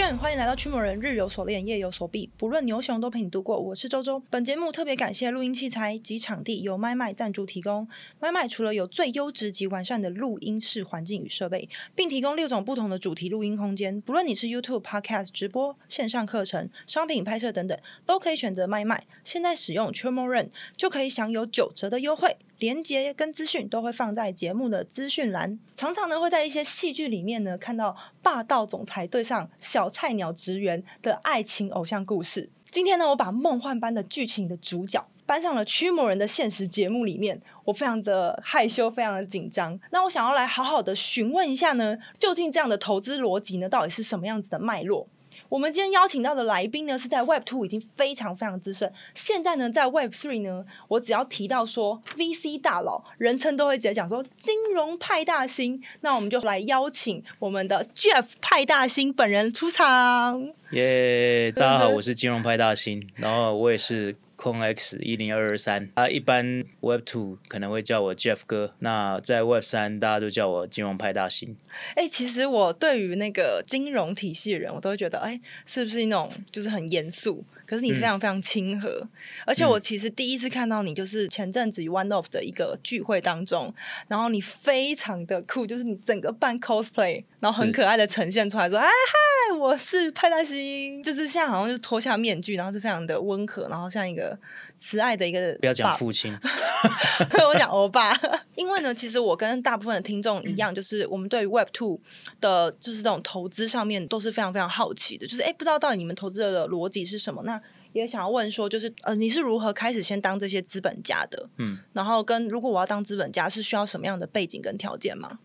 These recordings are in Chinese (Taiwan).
歡迎來到區魔人，日有所練，夜有所必，不論牛熊都陪你度過。我是周周。本節目特別感謝錄音器材及場地由麥麥贊助提供。麥麥除了有最優質及完善的錄音室環境與設備，並提供六種不同的主題錄音空間，不論你是 YouTube、Podcast、直播、線上課程、商品拍攝等等，都可以選擇麥麥。現在使用區魔人就可以享有九折的優惠。連結跟資訊都會放在節目的資訊欄，常常呢會在一些戲劇裡面呢看到霸道總裁對上小菜鳥職員的愛情偶像故事。今天呢，我把夢幻般的劇情的主角搬上了《區魔人》的現實節目裡面，我非常的害羞，非常的緊張。那我想要來好好的詢問一下呢，究竟這樣的投資邏輯呢，到底是什麼樣子的脈絡？我們今天邀請到的來賓呢，是在 Web 2已經非常非常資深，現在呢在 Web 3呢，我只要提到說 VC 大佬，人稱都會直接講說金融派大星，那我們就來邀請我們的 Jeff 派大星本人出場。耶，大家好，我是金融派大星， 然後我也是。空 x 一零二二三啊，一般 Web Two 可能會叫我 Jeff 哥，那在 Web 三，大家都叫我金融派大星。哎、欸，其實我對於那個金融體系的人，我都會覺得，哎、欸，是不是那種就是很嚴肅？可是你是非常非常親和，嗯，而且我其實第一次看到你就是前陣子 One Off 的一個聚會當中，然後你非常的酷，就是你整個扮 cosplay，然後很可愛的呈現出來，說：“是哎嗨，hi, 我是派大星。”就是現在好像就脫下面具，然後是非常的溫和，然後像一個。慈愛的一個，不要講父親， 我講歐歐巴。 因為呢，其實我跟大部分的聽眾一樣，嗯、就是我們對於 Web Two 的，就是這種投資上面都是非常非常好奇的。就是哎、欸，不知道到底你們投資者的邏輯是什麼？那也想要問說，就是呃，你是如何開始先當這些資本家的？嗯，然後跟如果我要當資本家，是需要什麼樣的背景跟條件嗎？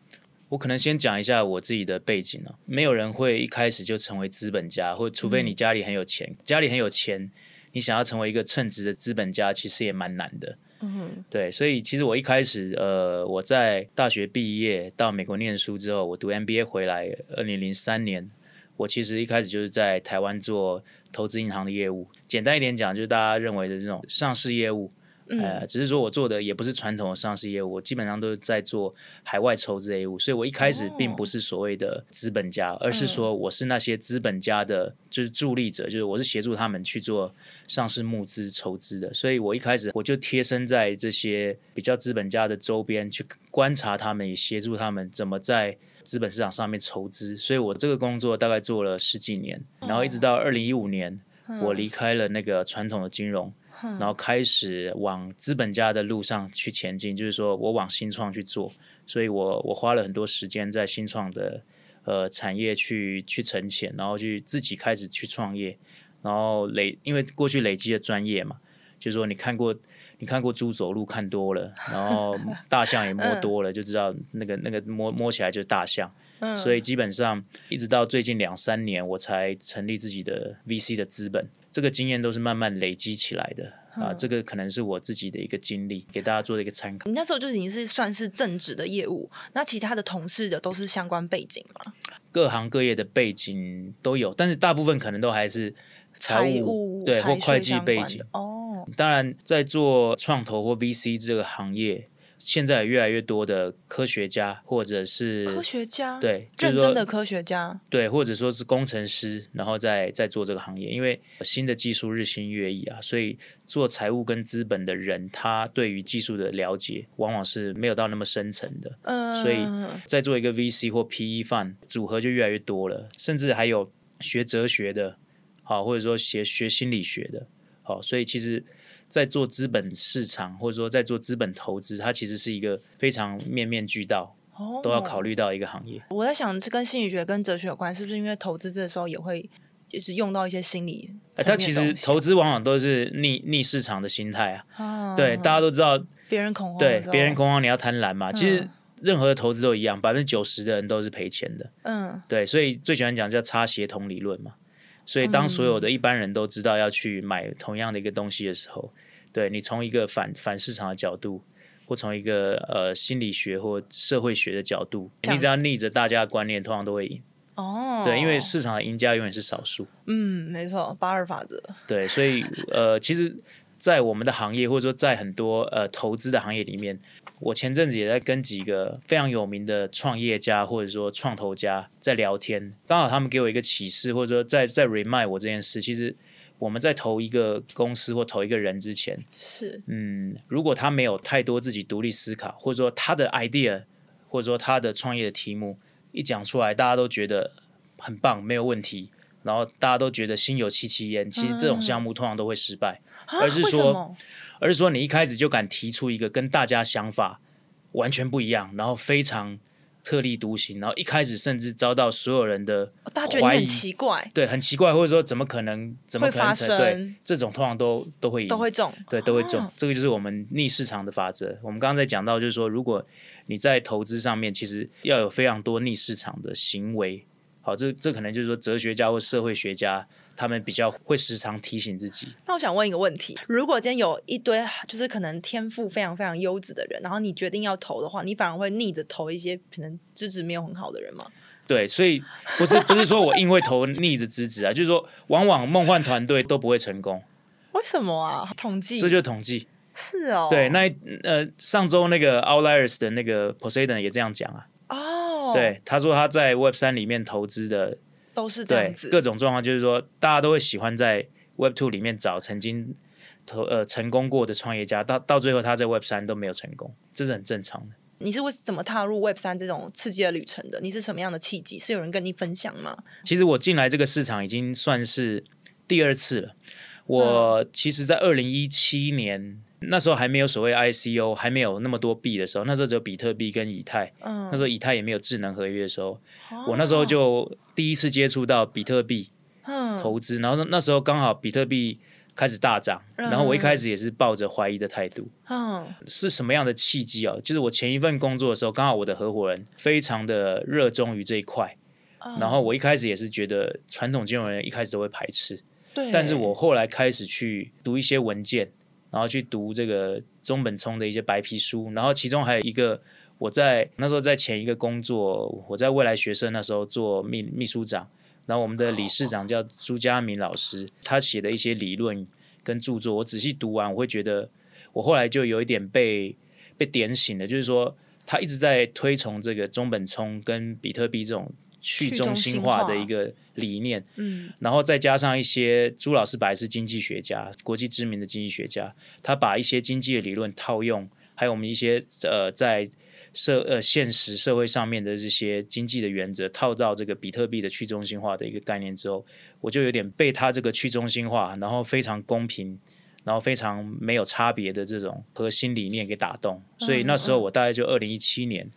我可能先講一下我自己的背景呢、喔，沒有人會一開始就成為資本家，或除非你家裡很有錢，嗯、家裡很有錢。你想要成為一個稱職的資本家，其實也蠻難的。嗯哼，對，所以其實我一開始，呃，我在大學畢業到美國念書之後，我讀 MBA 回來，二零零三年，我其實一開始就是在台灣做投資銀行的業務。簡單一點講，就是大家認為的這種上市業務。呃，只是說我做的也不是傳統的上市業務，我基本上都是在做海外籌資業務，所以我一開始並不是所謂的資本家，而是說我是那些資本家的，就是助力者，就是我是協助他們去做上市募資籌資的，所以我一開始我就貼身在這些比較資本家的周邊去觀察他們，也協助他們怎麼在資本市場上面籌資，所以我這個工作大概做了十幾年，然後一直到二零一五年，我離開了那個傳統的金融。然後開始往資本家的路上去前進，就是說我往新創去做，所以我我花了很多時間在新創的呃產業去去沉澱，然後去自己開始去創業，然後累因為過去累積的專業嘛，就是說你看過你看過豬走路看多了，然後大象也摸多了， 嗯、就知道那個那個摸摸起來就是大象，所以基本上一直到最近兩三年我才成立自己的 VC 的資本。這個經驗都是慢慢累積起來的。嗯、啊，這個可能是我自己的一個經歷，給大家做的一個參考。你那時候就已經是算是正職的業務，那其他的同事的都是相關背景嗎？各行各業的背景都有，但是大部分可能都還是財務，財務對，財稅相關的，對，或會計背景哦。當然，在做創投或 VC 這個行業。現在越來越多的科學家，或者是科學家，對認真的科學家，對，或者說是工程師，然後在在做這個行業，因為新的技術日新月異啊，所以做財務跟資本的人，他對於技術的了解，往往是沒有到那麼深層的，嗯，所以在做一個 VC 或 PE fund 組合就越來越多了，甚至還有學哲學的，好，或者說學學心理學的，好，所以其實。在做資本市場，或者說在做資本投資，它其實是一個非常面面俱到，oh, 都要考慮到一個行業。我在想，是跟心理學、跟哲學有關，是不是？因為投資的時候也會就是用到一些心理、啊。他、欸、其實投資往往都是逆逆市場的心態啊。啊對，大家都知道別人恐慌對，對別人恐慌你要貪婪嘛。嗯、其實任何的投資都一樣，百分之九十的人都是賠錢的。嗯，對，所以最喜歡講叫“擦鞋童理論”嘛。所以，當所有的一般人都知道要去買同樣的一個東西的時候，嗯、對你從一個反反市場的角度，或從一個呃心理學或社會學的角度，你只要逆着大家的觀念，通常都會贏。哦，對，因為市場的贏家永遠是少數。嗯，沒錯，八二法則。對，所以呃，其實，在我們的行業或者說在很多呃投資的行業裡面。我前陣子也在跟幾個非常有名的創業家或者說創投家在聊天，剛好他們給我一個啟示，或者說在在 remind 我這件事。其實我們在投一個公司或投一個人之前，是嗯，如果他沒有太多自己獨立思考，或者說他的 idea，或者說他的創業的題目一講出來，大家都覺得很棒，沒有問題，然後大家都覺得心有戚戚焉，其實這種項目通常都會失敗，嗯嗯啊、而是說。而是說，你一開始就敢提出一個跟大家想法完全不一樣，然後非常特立獨行，然後一開始甚至遭到所有人的懷疑，哦、大很奇怪，對，很奇怪，或者說怎麼可能？怎麼可能成對，這種通常都都會贏都會中，對，都會中。哦、這個就是我們逆市場的法則。我們剛才在講到，就是說，如果你在投資上面，其實要有非常多逆市場的行為。好，這這可能就是說哲學家或社會學家。他們比較會時常提醒自己。那我想問一個問題：如果今天有一堆就是可能天賦非常非常優質的人，然後你決定要投的話，你反而會逆着投一些可能資質沒有很好的人嗎？對，所以不是不是說我硬會投逆着資質啊， 就是說往往夢幻團隊都不會成功。為什麼啊？統計，這就是統計。是哦。對，那呃上周那個 Outliers 的那個 Poseidon 也這樣講啊。哦、oh。對，他說他在 Web 三裡面投資的。都是這樣子，各種狀況就是說，大家都會喜歡在 Web 2裡面找曾經投呃成功過的創業家，到到最後他在 Web 3都沒有成功，這是很正常的。你是為什麼踏入 Web 3這種刺激的旅程的？你是什麼樣的契機？是有人跟你分享嗎？其實我進來這個市場已經算是第二次了。我其實，在二零一七年。嗯那時候還沒有所謂 ICO，還沒有那麼多幣的時候，那時候只有比特幣跟以太。嗯、那時候以太也沒有智能合約的時候，哦、我那時候就第一次接觸到比特幣，投資。嗯、然後那時候剛好比特幣開始大漲，嗯、然後我一開始也是抱着懷疑的態度。嗯。是什麼樣的契機啊、哦？就是我前一份工作的時候，剛好我的合夥人非常的熱衷於這一塊，嗯、然後我一開始也是覺得傳統金融人員一開始都會排斥。對但是我後來開始去讀一些文件。然後去讀這個中本聰的一些白皮書，然後其中還有一個我在那時候在前一個工作，我在未來學社那時候做秘秘書長，然後我們的理事長叫朱家明老師，他寫的一些理論跟著作，我仔細讀完，我會覺得我後來就有一點被被點醒了，就是說他一直在推崇這個中本聰跟比特幣這種。去中心化的一個理念，嗯，然後再加上一些朱老師本來是經濟學家，國際知名的經濟學家，他把一些經濟的理論套用，還有我們一些呃在社呃現實社會上面的這些經濟的原則套到這個比特幣的去中心化的一個概念之後，我就有點被他這個去中心化，然後非常公平，然後非常沒有差別的這種核心理念給打動，嗯，所以那時候我大概就二零一七年。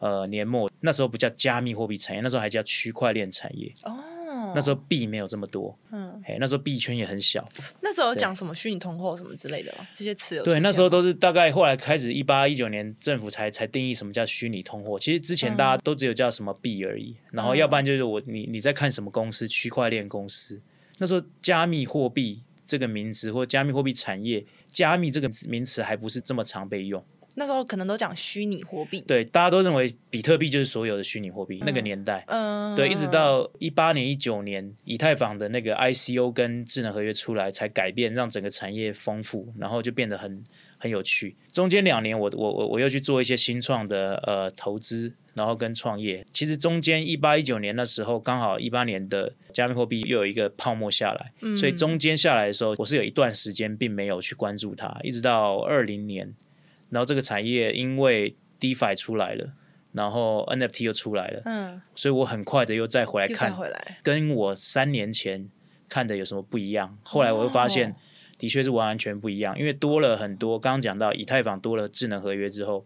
呃，年末那時候不叫加密貨幣產業，那時候還叫區塊鏈產業。哦，那時候幣沒有這麼多。嗯，哎，那時候幣圈也很小。那時候有講什麼虛擬通貨什麼之類的嗎，這些詞對，對那時候都是大概後來開始一八一九年政府才才定義什麼叫虛擬通貨。嗯、其實之前大家都只有叫什麼幣而已，然後要不然就是我你你在看什麼公司區塊鏈公司。那時候加密貨幣這個名詞或加密貨幣產業“加密”這個名詞還不是這麼常被用。那時候可能都講虛擬貨幣，對，大家都認為比特幣就是所有的虛擬貨幣。嗯、那個年代，嗯，對，一直到一八年、一九年，以太坊的那個 ICO 跟智能合約出來，才改變，讓整個產業豐富，然後就變得很很有趣。中間兩年我，我我我我又去做一些新創的呃投資，然後跟創業。其實中間一八一九年那時候，剛好一八年的加密貨幣又有一個泡沫下來，嗯、所以中間下來的時候，我是有一段時間並沒有去關注它，一直到二零年。然後這個產業因為 DeFi 出來了，然後 NFT 又出來了，嗯，所以我很快的又再回來看，回來跟我三年前看的有什麼不一樣？後來我又發現，的確是完完全不一樣，因為多了很多。剛剛講到以太坊多了智能合約之後，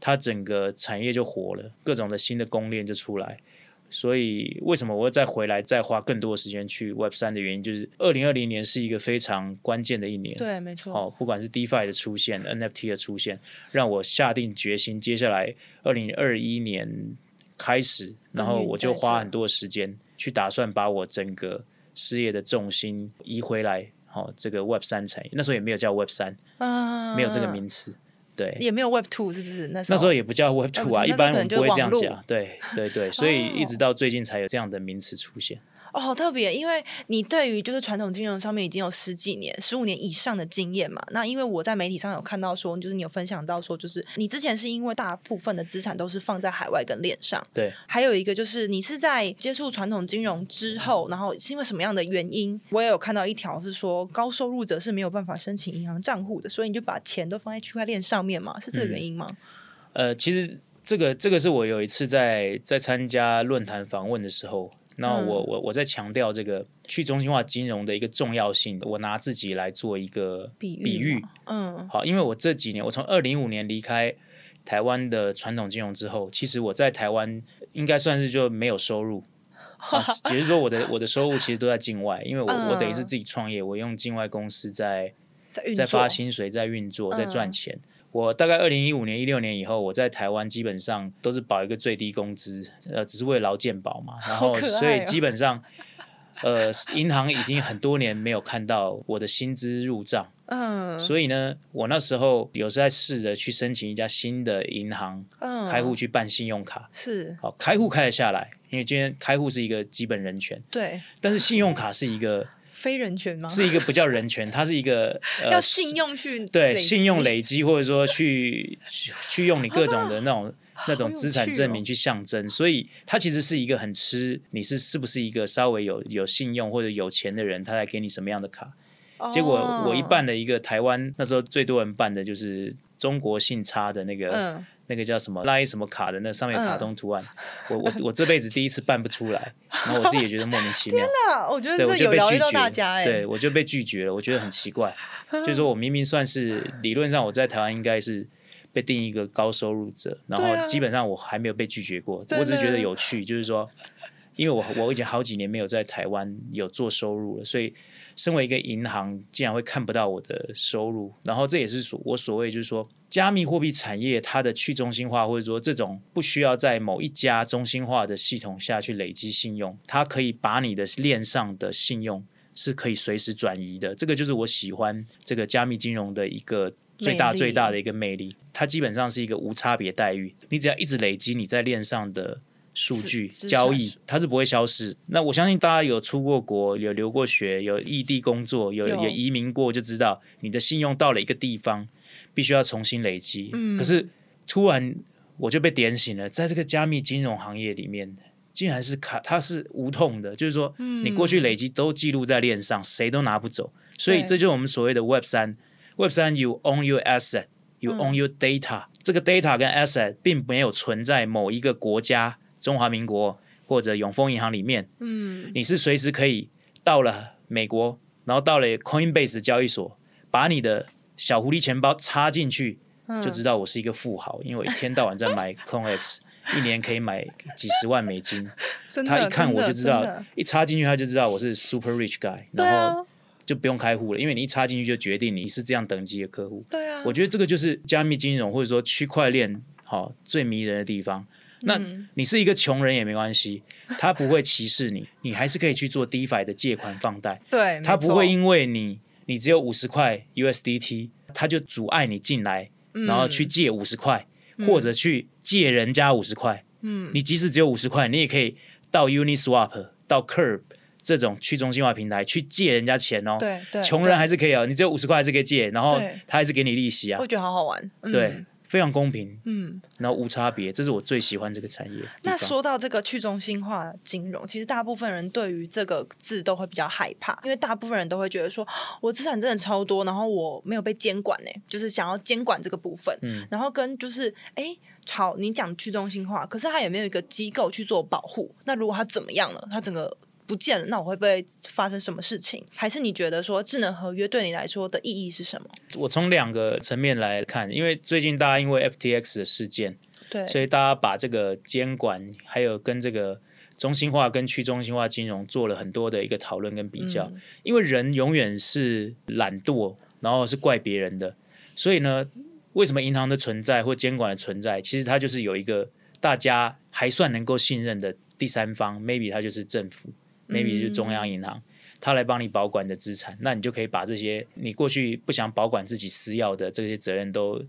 它整個產業就火了，各種的新的公鏈就出來。所以，為什麼我會再回來，再花更多的時間去 Web 三的原因，就是二零二零年是一個非常關鍵的一年。對，沒錯。哦，不管是 DeFi 的出現，NFT 的出現，讓我下定決心，接下來二零二一年開始，然後我就花很多時間去打算把我整個事業的重心移回來。哦，這個 Web 三產業，那時候也沒有叫 Web 三，啊，沒有這個名詞。啊對，也沒有 Web Two 是不是？那時候那時候也不叫 Web Two 啊，啊一般我們不會這樣講。對對對，所以一直到最近才有這樣的名詞出現。 哦哦，好特別，因為你對於就是傳統金融上面已經有十幾年、十五年以上的經驗嘛。那因為我在媒體上有看到說，就是你有分享到說，就是你之前是因為大部分的資產都是放在海外跟鏈上。對。還有一個就是你是在接觸傳統金融之後，然後是因為什麼樣的原因？我也有看到一條是說，高收入者是沒有辦法申請銀行賬戶的，所以你就把錢都放在區塊鏈上面嘛？是這個原因嗎？嗯。呃，其實這個這個是我有一次在在參加論壇訪問的時候。那我、嗯、我我在強調這個去中心化金融的一個重要性，我拿自己來做一個比喻，比喻嗯，好，因為我這幾年我從二零一五年離開台灣的傳統金融之後，其實我在台灣應該算是就沒有收入，呵呵啊、也就是說我的我的收入其實都在境外，因為我、嗯、我等於是自己創業，我用境外公司在在，在發薪水，在運作，在賺錢。嗯我大概二零一五年、一六年以後，我在台灣基本上都是保一個最低工資，呃，只是為了勞健保嘛。然後，所以基本上，呃，銀行已經很多年沒有看到我的薪資入賬。嗯。所以呢，我那時候有時候在試着去申請一家新的銀行開戶去辦信用卡。是。好，開戶開得下來，因為今天開戶是一個基本人權。對。但是信用卡是一個。非人權嗎？是一個不叫人權，它是一個、呃、要信用去對信用累積，或者說去去、去用你各種的那種那種資產證明去象徵，啊哦、所以它其實是一個很吃你是是不是一個稍微有有信用或者有錢的人，他來給你什麼樣的卡？哦、結果我一辦了一個台灣那時候最多人辦的就是中國信託的那個。嗯那個叫什麼拉什麼卡的，那上面卡通圖案，嗯、我我我這輩子第一次辦不出來， 然後我自己也覺得莫名其妙。 天哪，我覺得有到就被拒絕。大家，對我就被拒絕了，我覺得很奇怪。嗯、就是說我明明算是理論上我在台灣應該是被定義一個高收入者，然後基本上我還沒有被拒絕過，啊、我只是覺得有趣。 就是說，因為我我已經好幾年沒有在台灣有做收入了，所以身為一個銀行，竟然會看不到我的收入，然後這也是所我所謂就是說。加密貨幣產業，它的去中心化或者說這種不需要在某一家中心化的系統下去累積信用，它可以把你的鏈上的信用是可以隨時轉移的。這個就是我喜歡這個加密金融的一個最大最大的一個魅力。它基本上是一個無差別待遇，你只要一直累積你在鏈上的數據交易，它是不會消失。那我相信大家有出過國，有留過學，有異地工作，有有移民過，就知道你的信用到了一個地方必須要重新累積，嗯、可是突然我就被點醒了，在這個加密金融行業裡面，竟然是卡，它是無痛的，就是說，你過去累積都記錄在鏈上，誰、嗯、都拿不走，所以這就是我們所謂的 website, 對 Web 三，Web 三，You Own Your Asset，You Own Your Data，、嗯、這個 Data 跟 Asset 並沒有存在某一個國家，中華民國或者永豐銀行裡面，嗯，你是隨時可以到了美國，然後到了 Coinbase 交易所，把你的。小狐狸錢包插進去，就知道我是一個富豪，嗯、因為我一天到晚在買 Clone X 一年可以買幾十萬美金。的他一看我就知道，一插進去他就知道我是 Super Rich Guy，、啊、然後就不用開戶了，因為你一插進去就決定你是這樣等級的客戶。對啊，我覺得這個就是加密金融或者說區塊鏈好最迷人的地方。那你是一個窮人也沒關係，他不會歧視你， 你還是可以去做 DeFi 的借款放貸。對，他不會因為你。你只有五十塊 USDT，他就阻礙你進來，嗯、然後去借五十塊，嗯、或者去借人家五十塊。嗯、你即使只有五十塊，你也可以到 Uniswap、到 Curve 這種去中心化平台去借人家錢哦。對，窮人還是可以啊、哦，對你只有五十塊還是可以借，然後他還是給你利息啊。我覺得好好玩。嗯、對。非常公平，嗯，然後無差別，這是我最喜歡這個產業。那說到這個去中心化金融，其實大部分人對於這個字都會比較害怕，因為大部分人都會覺得說，我資產真的超多，然後我沒有被監管呢、欸，就是想要監管這個部分。嗯，然後跟就是，哎，好，你講去中心化，可是他也沒有一個機構去做保護。那如果他怎麼樣了，他整個，不見了，那我會不會發生什麼事情？還是你覺得說智能合約對你來說的意義是什麼？我從兩個層面來看，因為最近大家因為 FTX 的事件，對，所以大家把這個監管還有跟這個中心化跟去中心化金融做了很多的一個討論跟比較。嗯、因為人永遠是懶惰，然後是怪別人的，所以呢，為什麼銀行的存在或監管的存在，其實它就是有一個大家還算能夠信任的第三方，maybe 它就是政府。maybe 就是中央銀行，嗯、他來幫你保管的資產，那你就可以把這些你過去不想保管自己私鑰的這些責任都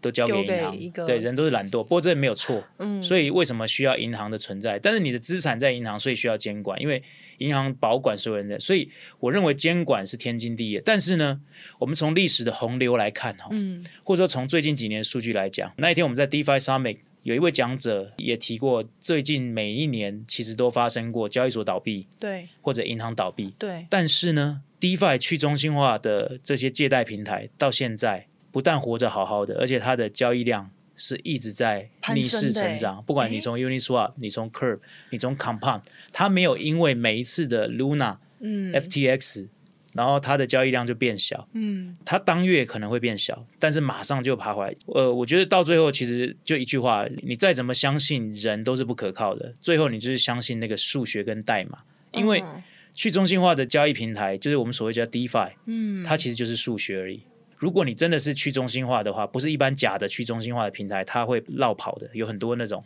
都交給銀行。對人都是懶惰，不過這也沒有錯。嗯，所以為什麼需要銀行的存在？但是你的資產在銀行，所以需要監管，因為銀行保管所有人的。所以我認為監管是天經地義。但是呢，我們從歷史的洪流來看哈，嗯，或者說從最近幾年的數據來講，那一天我們在 DeFi Summit。有一位講者也提過，最近每一年其實都發生過交易所倒閉，或者銀行倒閉，但是呢，DeFi 去中心化的這些借貸平台到現在不但活着好好的，而且它的交易量是一直在逆勢成長。不管你從 Uniswap，誒你從 Curve，你從 Compound，它沒有因為每一次的 Luna、嗯、FTX 然後它的交易量就變小，嗯，它當月可能會變小，但是馬上就爬回來。呃，我覺得到最後其實就一句話，你再怎麼相信人都是不可靠的，最後你就是相信那個數學跟代碼。因為去中心化的交易平台就是我們所謂叫 DeFi，嗯，它其實就是數學而已。如果你真的是去中心化的話，不是一般假的去中心化的平台，它會落跑的，有很多那種。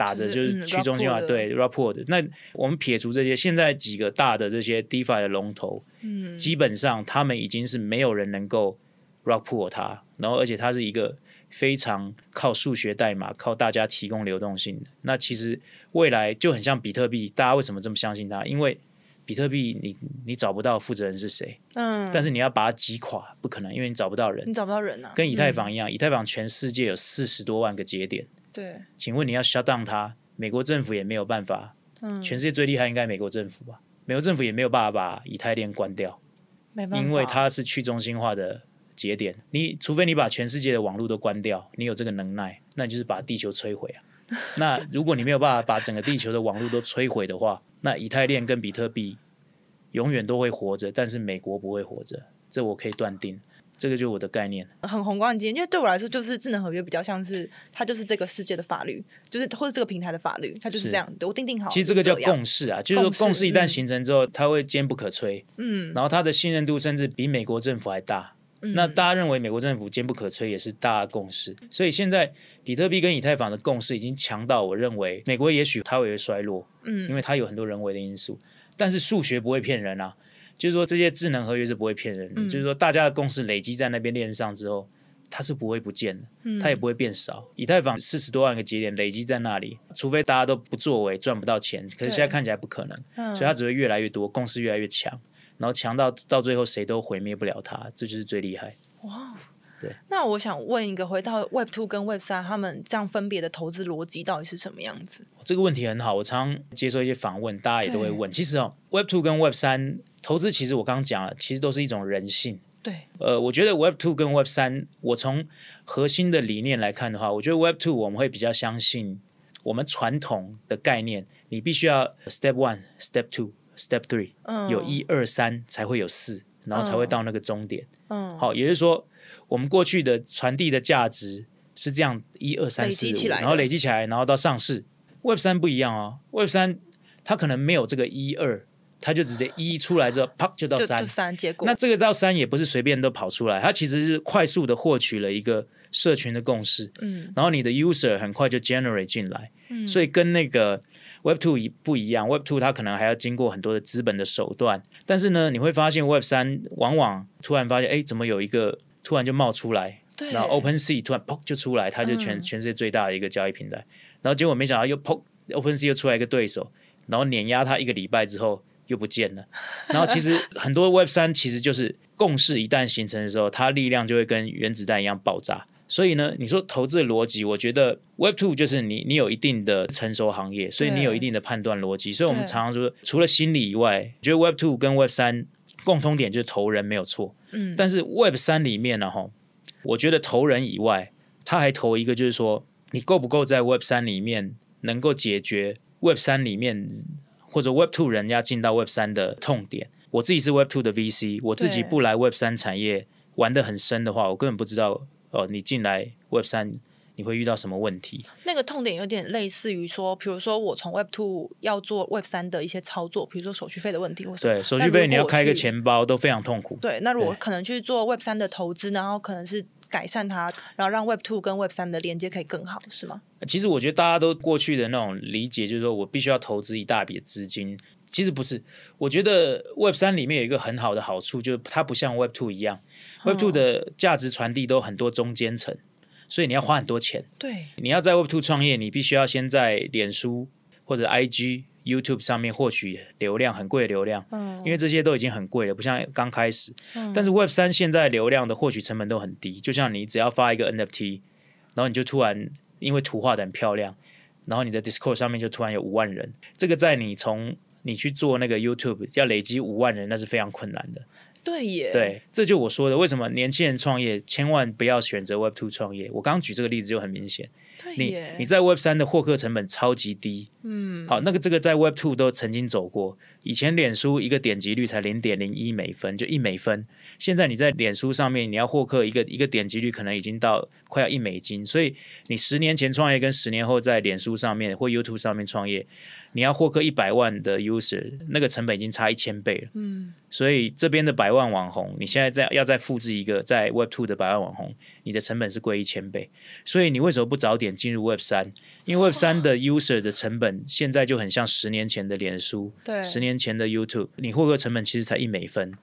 打着就是、嗯、去中心化，嗯、對，rug pull 的。那我們撇除這些，現在幾個大的這些 DeFi 的龍頭，嗯、基本上他們已經是沒有人能夠 rug pull 它。然後，而且它是一個非常靠數學代碼、靠大家提供流動性的。那其實未來就很像比特幣，大家為什麼這麼相信它？因為比特幣你你找不到負責人是誰，嗯、但是你要把它擊垮，不可能，因為你找不到人。你找不到人啊？跟以太坊一樣，嗯、以太坊全世界有四十多萬個節點。對，請問你要 shut down 它，美國政府也沒有辦法。嗯，全世界最厲害應該美國政府吧？美國政府也沒有辦法把以太鏈關掉，沒辦法，因為它是去中心化的節點。你除非你把全世界的網絡都關掉，你有這個能耐，那就是把地球摧毀啊。 那如果你沒有辦法把整個地球的網絡都摧毀的話，那以太鏈跟比特幣永遠都會活着，但是美國不會活着，這我可以斷定。這個就是我的概念，很宏觀的經驗。因為對我來說，就是智能合約比較像是它就是這個世界的法律，就是或者這個平台的法律，它就是這樣，是我定定好。其實這個叫共識啊，識就是說共識一旦形成之後，嗯、它會堅不可摧。嗯，然後它的信任度甚至比美國政府還大。嗯、那大家認為美國政府堅不可摧，也是大家共識。所以現在比特幣跟以太坊的共識已經強到，我認為美國也許它也會衰落，嗯，因為它有很多人為的因素，但是數學不會騙人啊。就是說，這些智能合約是不會騙人的。嗯、就是說，大家的共識累積在那邊鏈上之後，它是不會不見的，嗯、它也不會變少。以太坊四十多萬個節點累積在那裡，除非大家都不作為，賺不到錢。可是現在看起來不可能，嗯、所以它只會越來越多，共識越來越強，然後強到到最後誰都毀滅不了它，這就是最厲害。哇，對。那我想問一個，回到 Web 2跟 Web 3，他們這樣分別的投資邏輯到底是什麼樣子？這個問題很好，我常、常接受一些訪問，大家也都會問。對其實哦，Web 2跟 Web 3。投資其實我剛剛講了，其實都是一種人性。對。呃，我覺得 Web Two 跟 Web 三，我從核心的理念來看的話，我覺得 Web Two 我們會比較相信我們傳統的概念，你必須要 Step One、Step Two、Step Three，嗯，有一二三才會有四，然後才會到那個終點。嗯。嗯。好，也就是說，我們過去的傳遞的價值是這樣一二三四五，1, 2, 3, 4, 5, 然後累積起來，然後到上市。Web 三不一樣哦，Web 三它可能沒有這個一二。它就直接一出來之後，啊、啪就到三。3, 那這個到三也不是隨便都跑出來，它其實是快速的獲取了一個社群的共識。嗯。然後你的 user 很快就 generate 進來。嗯。所以跟那個 Web Two 不不一樣、嗯、，Web Two 它可能還要經過很多的資本的手段。但是呢，你會發現 Web 三往往突然發現，哎、欸，怎麼有一個突然就冒出來？對。然後 OpenSea 突然砰就出來，它就全、嗯、全世界最大的一個交易平台。然後結果沒想到又砰 OpenSea 又出來一個對手，然後碾壓它一個禮拜之後。又不見了。然後其實很多 Web 三其實就是共識一旦形成的時候，它力量就會跟原子彈一樣爆炸。所以呢，你說投資的邏輯，我覺得 Web Two 就是你你有一定的成熟行業，所以你有一定的判斷邏輯。對所以，我們常常說，除了心理以外，對我覺得 Web Two 跟 Web 三共通點就是投人沒有錯。嗯，但是 Web 三裡面呢、啊，我覺得投人以外，他還投一個，就是說你夠不夠在 Web 三裡面能夠解決 Web 三裡面。或者 Web Two 人家進到 Web 三的痛點，我自己是 Web Two 的 VC，我自己不來 Web 三產業對玩得很深的話，我根本不知道哦，你進來 Web 三你會遇到什麼問題？那個痛點有點類似於說，比如說我從 Web Two 要做 Web 三的一些操作，比如說手續費的問題，或對手續費你要開一個錢包都非常痛苦。對，那如果可能去做 Web 三的投資，對然後可能是。改善它，然後讓 Web 2跟 Web 3的連接可以更好，是嗎？其實我覺得大家都過去的那種理解就是說我必須要投資一大筆資金，其實不是。我覺得 Web 3裡面有一個很好的好處，就是它不像 Web 2一樣，嗯，Web 2的價值傳遞都很多中間層，所以你要花很多錢。對，你要在 Web 2創業，你必須要先在臉書或者 IG。YouTube 上面獲取流量很貴的流量，嗯，因為這些都已經很貴了，不像剛開始。嗯、但是 Web 三現在流量的獲取成本都很低，就像你只要發一個 NFT，然後你就突然因為圖畫得很漂亮，然後你的 Discord 上面就突然有五萬人。這個在你從你去做那個 YouTube 要累積五萬人，那是非常困難的。對耶，對，這就我說的，為什麼年輕人創業千萬不要選擇 Web Two 創業？我剛舉這個例子就很明顯。你你在 Web 3的獲客成本超級低，嗯，好，那個這個在 Web 2都曾經走過。以前臉書一個點擊率才零點零一美分，就一美分。現在你在臉書上面，你要獲客一個一個點擊率，可能已經到快要一美金。所以你十年前創業跟十年後在臉書上面或 YouTube 上面創業，你要獲客一百萬的 user，那個成本已經差一千倍了。嗯，所以這邊的百萬網紅，你現在再要再複製一個在 Web Two 的百萬網紅，你的成本是貴一千倍。所以你為什麼不早點進入 Web 三？因為 Web 三的 user 的成本現在就很像十年前的臉書，嗯，對，十年前的 YouTube，你獲客成本其實才一美分。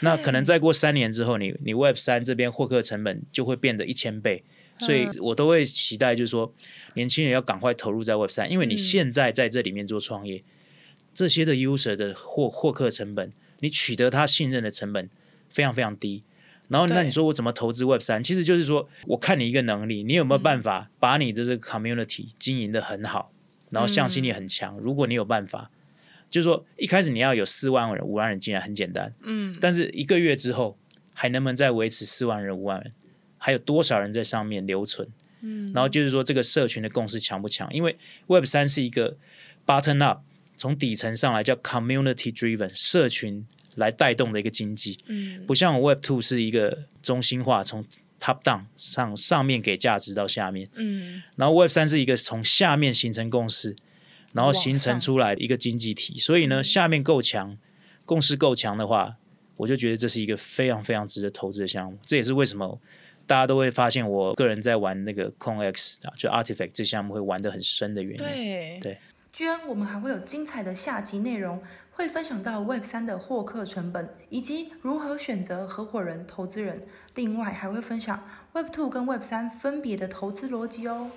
那可能再過三年之後你，你你 Web 三這邊獲客成本就會變得一千倍，嗯、所以我都會期待，就是說年輕人要趕快投入在 Web 三，因為你現在在這裡面做創業，嗯、這些的 user 的獲獲客成本，你取得他信任的成本非常非常低。然後那你說我怎麼投資 Web 三？其實就是說，我看你一個能力，你有沒有辦法把你的這個 community 經營得很好，嗯、然後向心力很強？如果你有辦法。就是說，一開始你要有四萬人、五萬人進來很簡單，嗯，但是一個月之後還能不能再維持四萬人、五萬人？還有多少人在上面留存？嗯，然後就是說這個社群的共識強不強？因為 Web 三是一個 bottom up，從底層上來叫 community driven，社群來帶動的一個經濟，嗯，不像 Web two 是一個中心化，從 top down 上上面給價值到下面，嗯，然後 Web 三是一個從下面形成共識。然後形成出來一個經濟體，往上。所以呢，下面夠強，共識夠強的話，我就覺得這是一個非常非常值得投資的項目。這也是為什麼大家都會發現，我個人在玩那個 ConX 啊，就 Artifact 這項目會玩得很深的原因。對，對。居然我們還會有精彩的下集內容，會分享到 Web 三的獲客成本，以及如何選擇合夥人、投資人。另外還會分享 Web two 跟 Web 三分別的投資邏輯哦。